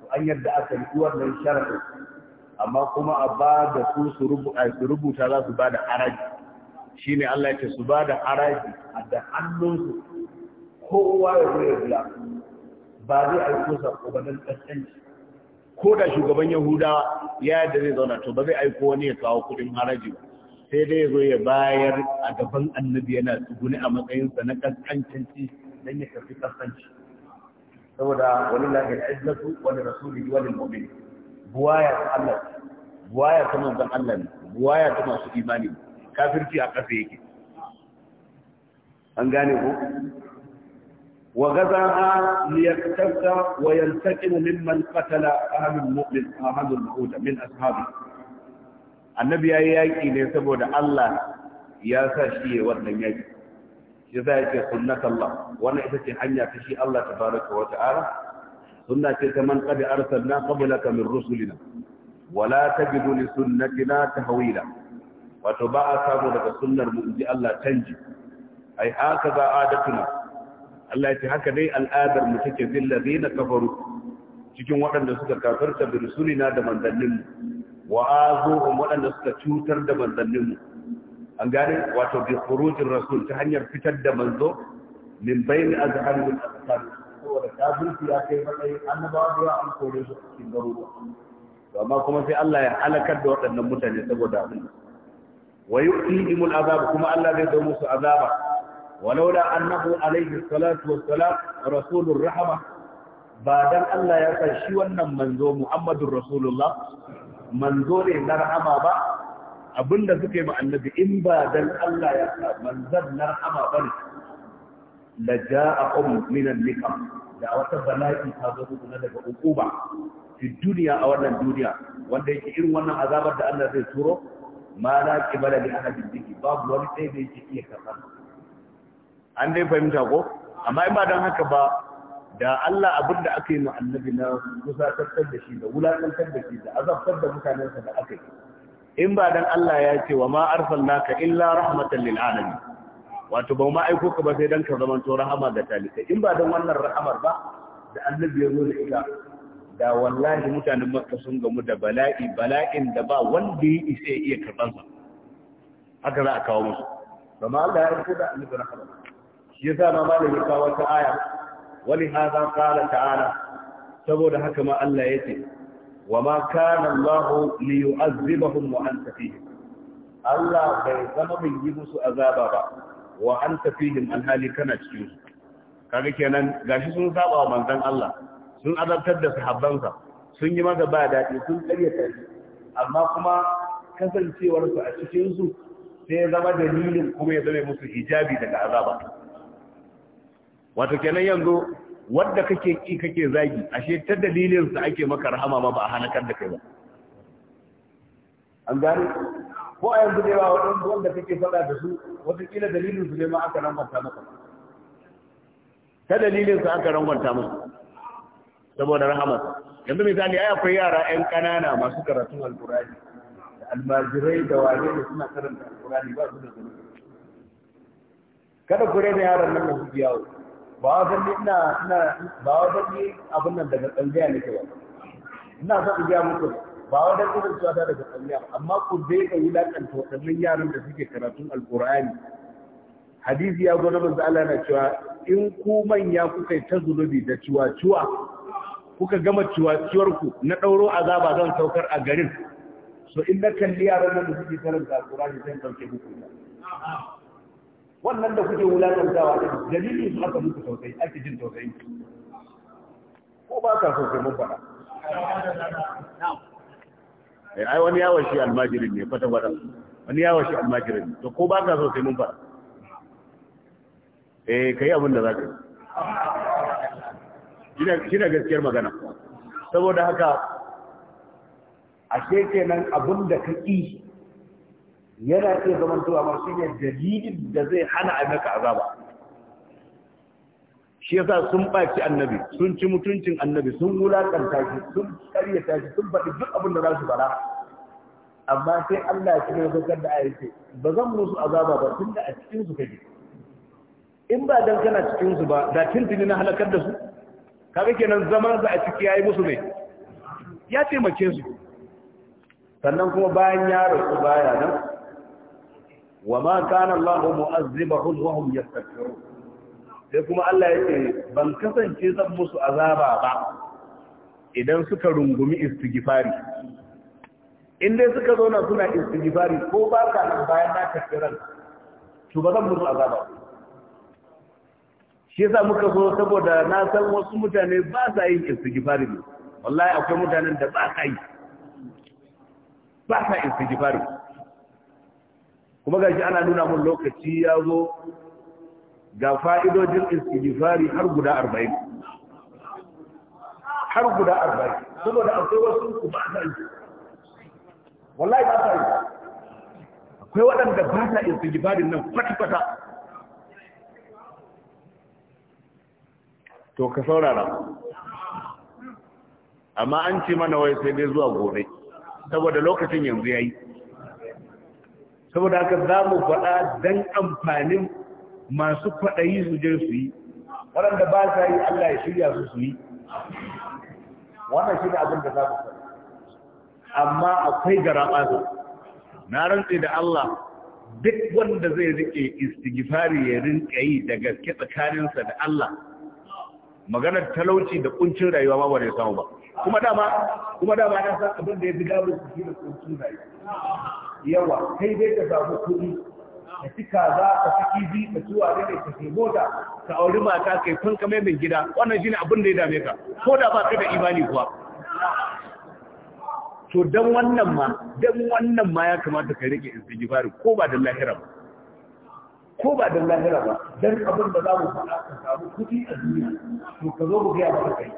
to an yadda aka yi wannan sharafin amma kuma a ba da su su rubuta za su ba da haraji shine Allah ya ce su ba da haraji da hannunsu kowa ya zo ya biya ba zai aiko sakobanin kasance ko da shugaban yahuda ya yadda zai zauna to ba zai aiko wani ya kawo kudin haraji ba sai dai ya zo ya bayar a gaban annabi yana tsuguni a matsayinsa na ci don ya tafi kaskanci saboda wani lafi da izzatu wani rasuli wani mu'min buwaya ta Allah buwaya ta manzon Allah ne buwaya ta masu imani ne kafirci a ƙasa yake an gane ku wa gazaha liyaktabta wa yantaqim mimman qatala ahlul mu'min ahlul mu'uda min ashabi annabi ya yi yaƙi ne saboda Allah ya sa shi yayi wannan yaƙi. shi za ya ce sunnatullah wannan ita ce hanya ta shi Allah ta tabaraka wa ta'ala sunna ce ta man qad arsalna qablaka min rusulina wala tajidu li sunnatina tahwila wato ba a samu daga sunnar mu inji Allah canji ai haka za adatuna Allah ya ce haka dai al'adar mu take zillazina kafaru cikin waɗanda suka kafirta bi rusulina da manzannin mu wa azuhum waɗanda suka cutar da manzannin mu an gane wato bi khurujir rasul ta hanyar fitar da manzo min bayin azharil asfar saboda kafirci ya kai matsayin annabawa da an kore su cikin garuruwa amma kuma sai Allah ya halakar da waɗannan mutane saboda abin wa yu'tihim al'azab kuma Allah zai dawo musu azaba walaula annahu alayhi salatu wassalam rasulur rahma ba dan Allah ya san shi wannan manzo Muhammadur Rasulullah manzo ne na rahama ba abinda suka yi ma annabi in ba dan Allah ya san manzon na rahama ba ne la ja'akum minan nikam da wata bala'i ta zo muku na daga ukuba fi duniya a wannan duniya wanda yake irin wannan azabar da Allah zai turo ma za ki bala bi ahadin ciki, babu wani ɗaya da yake iya kafa an dai fahimta ko amma in ba don haka ba da Allah abin da aka yi mu annabi na kusatar da shi da wulakantar da shi da azabtar da mutanensa da aka yi in ba dan Allah ya ce wa ma arsalnaka illa rahmatan lil alamin wato ba ma aiko ka ba sai dan ka zama to rahama ga talikai in ba dan wannan rahamar ba da annabi ya zo da ita da wallahi mutanen makka sun gamu da bala'i bala'in da ba wanda ya isa ya iya karɓar haka za a kawo musu amma Allah ya rubuta da annabi rahama shi yasa ma malami kawo ta aya wani hadha qala ta'ala saboda haka ma Allah yace wa ma kana Allah li yu'azzibahum wa anta fihim Allah bai zama mai yi musu azaba ba wa anta fihim alhali kana cikin su kaga kenan gashi sun saba wa manzon Allah sun azabtar da sahabbansa sun yi masa ba daɗi sun ƙaryata shi amma kuma su a cikinsu sai ya zama dalilin kuma ya zama musu hijabi daga azaba wato kenan yanzu wanda kake ki kake zagi ashe ta dalilin su ake maka rahama ma ba a hanakar da kai ba an gane ko a yanzu ne ba wanda kake faɗa da su kila dalilin su ne ma aka rangwanta maka ta dalilin su aka rangwanta musu saboda rahamarsa yanzu misali ai akwai yara ƴan ƙanana masu karatun alƙur'ani almajirai da wane ne suna karanta alƙur'ani ba su da zunubi kada ku rena yaran nan da suke yawo ba san ni ina ina ba san ni abin nan daga tsandiya nake ba ina son in gaya muku ba wajen irin zuwa ta daga tsandiya amma ku daina wulaƙanta waɗannan yaran da suke karatun alƙur'ani hadisi ya zo manzo Allah na cewa in ku manya kuka yi ta zulubi da ciwa-ciwa kuka gama ciwaciwarku na ɗauro azaba zan saukar a garin so in na kalli yaran nan da suke da alkurani zan ɗauke muku wannan da kuke wulatantawa ɗin dalilin su aka muku sosai ake jin tausayi ko ba ka so mun faɗa eh, ai wani yawon shi almajirin ne fata gwada wani yawon shi almajirin ne to ko ba ka so mun faɗa eh kai abin da za ka yi shi gaskiyar magana saboda haka ashe kenan abin da ka ƙi yana iya zamantowa ma shi ne dalilin da zai hana a maka azaba shi yasa sun baki annabi sun ci mutuncin annabi sun wulaƙanta shi sun ƙaryata shi sun faɗi duk abin da za su fara amma sai Allah ya ne dokar da ayyace ba zan musu azaba ba tunda a cikin su kake in ba dan kana cikinsu ba da tuntuni na halakar da su kaga kenan zaman za a ciki yayi musu ne ya taimake su sannan kuma bayan ya rasu baya nan wa ma kana Allahu mu'azzibahum wa hum yastaghfirun sai kuma Allah yake ban kasance zan musu azaba ba idan suka rungumi istighfari in dai suka zauna suna istighfari ko ba ka nan bayan na kafiran to ba zan musu azaba ba shi yasa muka zo saboda na san wasu mutane ba sa yin istighfari ne wallahi akwai mutanen da ba sa yi ba sa istighfari kuma shi ana nuna mun lokaci ya zo ga fa'idojin istighfari har guda 40 har guda 40 saboda akwai wasu ku ba sa yi wallahi ba sa yi akwai waɗanda ba sa istighfari nan kwata-kwata to ka saurara amma an ce mana wai sai dai zuwa gobe saboda lokacin yanzu yayi yi saboda haka za mu faɗa don amfanin masu faɗayi su je su yi waɗanda ba sa yi Allah ya shirya su su yi wannan shi ne abin da za mu faɗa amma akwai gara na rantse da Allah duk wanda zai riƙe istighfari ya rinƙa yi da gaske tsakaninsa da Allah maganar talauci da kuncin rayuwa ma ba da ya samu ba kuma dama kuma dama ya san abin da ya fi dawo su da kuncin rayuwa yawa kai dai ka samu kuɗi ka ci kaza ka ci kifi ka ci wane ne ka ci mota ka auri mata kai kun kame mai gida wannan shine abin da ya dame ka ko da ba ka da imani kuwa to dan wannan ma dan wannan ma ya kamata ka rike istighfar ko ba da lahira ba ko ba don lahira ba don abin da za mu faɗa ka samu kuɗi a duniya to ka zo mu gaya maka kai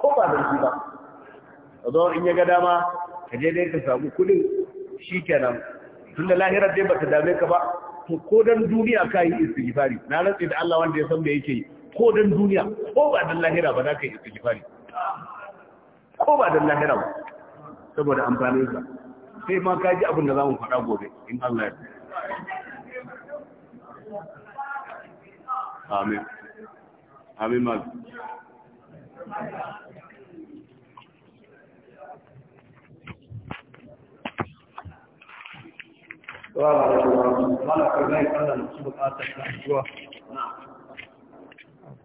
ko ba don shi ba ka zo in ya ga dama ka je dai ka samu kuɗin shi kenan tun da lahirar dai ba ta dame ka ba to ko don duniya ka yi istighfari na rantsi da Allah wanda ya san me yake yi ko don duniya ko ba don lahira ba za ka yi istighfari ko ba don lahira ba saboda amfanin sa sai ma ka ji abin da za mu faɗa gobe in Allah ya Amin. Amin mal.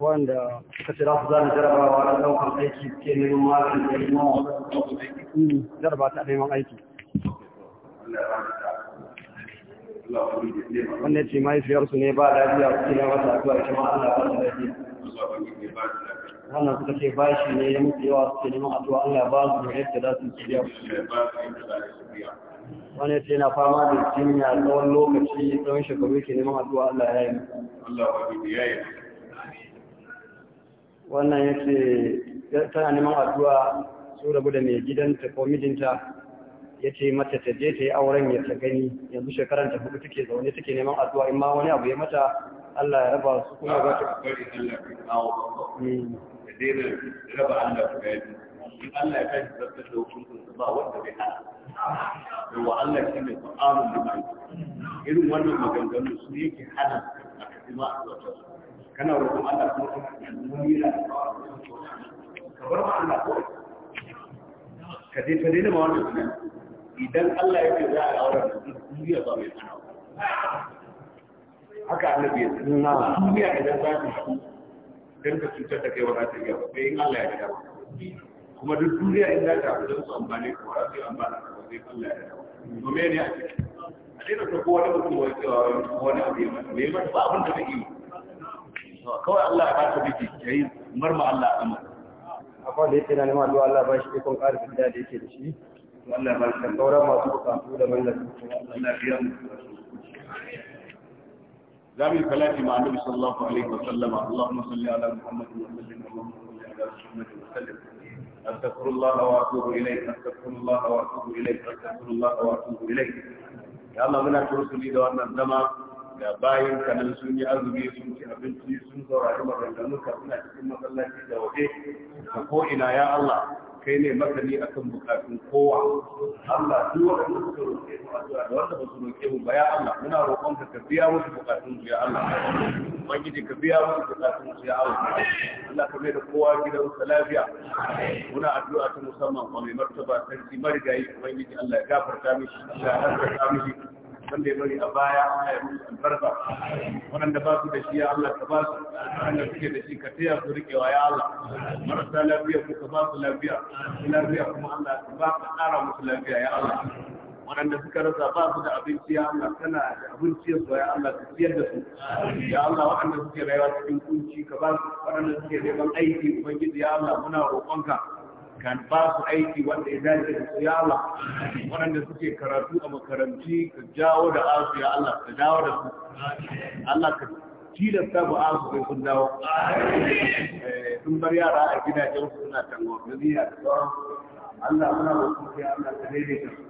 wanda suka ce za su zane jarabawa da daukan aiki ke neman magani da neman mm. wasu jarabawa ta neman aiki. Wannan ce mahaifiyarsu ne ba lafiya su na wata kuwa shi ma Allah ba su lafiya wannan suka ce ba shi ne ya mutu yawa suke neman addu'a Allah ba su ne yadda za su biya wani ce na fama da jinya tsawon lokaci tsawon shekaru ke neman addu'a Allah ya yi wannan ya ce tana neman addu'a su rabu da mai gidanta ko mijinta ya ce mata ta je ta yi auren ya ta gani yanzu shekarar ta hudu take zaune take neman addu'a in ma wani abu ya mata Allah ya raba su kuma ga ta bari Allah ya kawo da hmm. daina raba Allah ku ga in Allah ya kai zartar da hukuncin ba wanda bai hana yawa Allah shi ne da liman irin wannan maganganu su yake hana a kasima a zuwa kana roƙon Allah kuma kuma mun yi da ka bar ma Allah ka dai ta daina ma wannan idan Allah ya ce za a auren mutum duniya ba mai hana haka annabi ya ce duniya idan za ta shi dan ka cutar da kai ba za ta iya ba sai in Allah ya ce kuma duk duniya in za ta don su amfani ka ba sai amfana ka ba sai Allah ya ce domin ne a ciki a daina ta kowa da mutum wani ko wani abu ya mata ba mata ba abin da ta yi kawai Allah ya ba ta biki ya marma Allah a amma akwai da yake na neman addu'a Allah ba shi ikon ƙarfin da yake da shi wannan malakan sauran masu bukatu da mallakin wannan biyan da suke biyan da suke biyan da suke biyan da suke biyan da suke biyan da suke biyan da suke biyan da suke biyan da suke biyan da suke biyan da suke biyan da أستغفر الله وأتوب إليك أستغفر الله وأتوب إليك أستغفر الله وأتوب إليك يا الله من أترس لي دوارنا الزمى يا باين كان لسوني أزمي سنتي أبنتي سنتي رحمة الله من أتكلم الله في دوارك فقوئنا يا الله kai ne masani akan bukatun kowa Allah duk wanda suka roƙe mu addu'a da wanda ba su roƙe mu ba ya Allah muna roƙon ka biya musu bukatun su ya Allah ubangiji ka biya musu bukatun su ya Allah Allah ka mai da kowa gidan sa lafiya muna addu'a ta musamman ga mai martaba sarki marigayi ubangiji Allah ya gafarta mishi Allah ya haskaka mishi wanda ya bari a baya Allah ya musu albarka waɗanda ba su da shi ya Allah ka ba su waɗanda suke da shi ka taya su riƙewa ya Allah marasa lafiya ku ka ba su lafiya lafiya kuma Allah ka ba ka ƙara musu lafiya ya Allah waɗanda suka rasa ba su da abinci ya Allah kana da abinci su ya Allah ka ciyar da su ya Allah waɗanda suke rayuwa cikin kunci ka ba su waɗanda suke neman aiki ubangiji ya Allah muna roƙonka Kan ba su aiki wanda ya dace da su ya Allah waɗanda suke karatu a makaranti ka jawo da asu ya Allah ka dawo da su Allah ka tilasta ba asu sai sun dawo eh, sun bar yara a gidajen suna tango da sauran Allah muna roƙon ya Allah ka daidaita su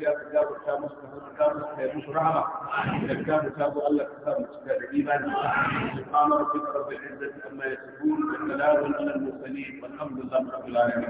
gaskiya ka gafarta musu ka haska musu ka yi musu rahama da gafarta mu Allah ka sa mu cika da imani subhana rabbika rabbil izzati amma yasifun wa salamun alal mursalin walhamdulillahi rabbil alamin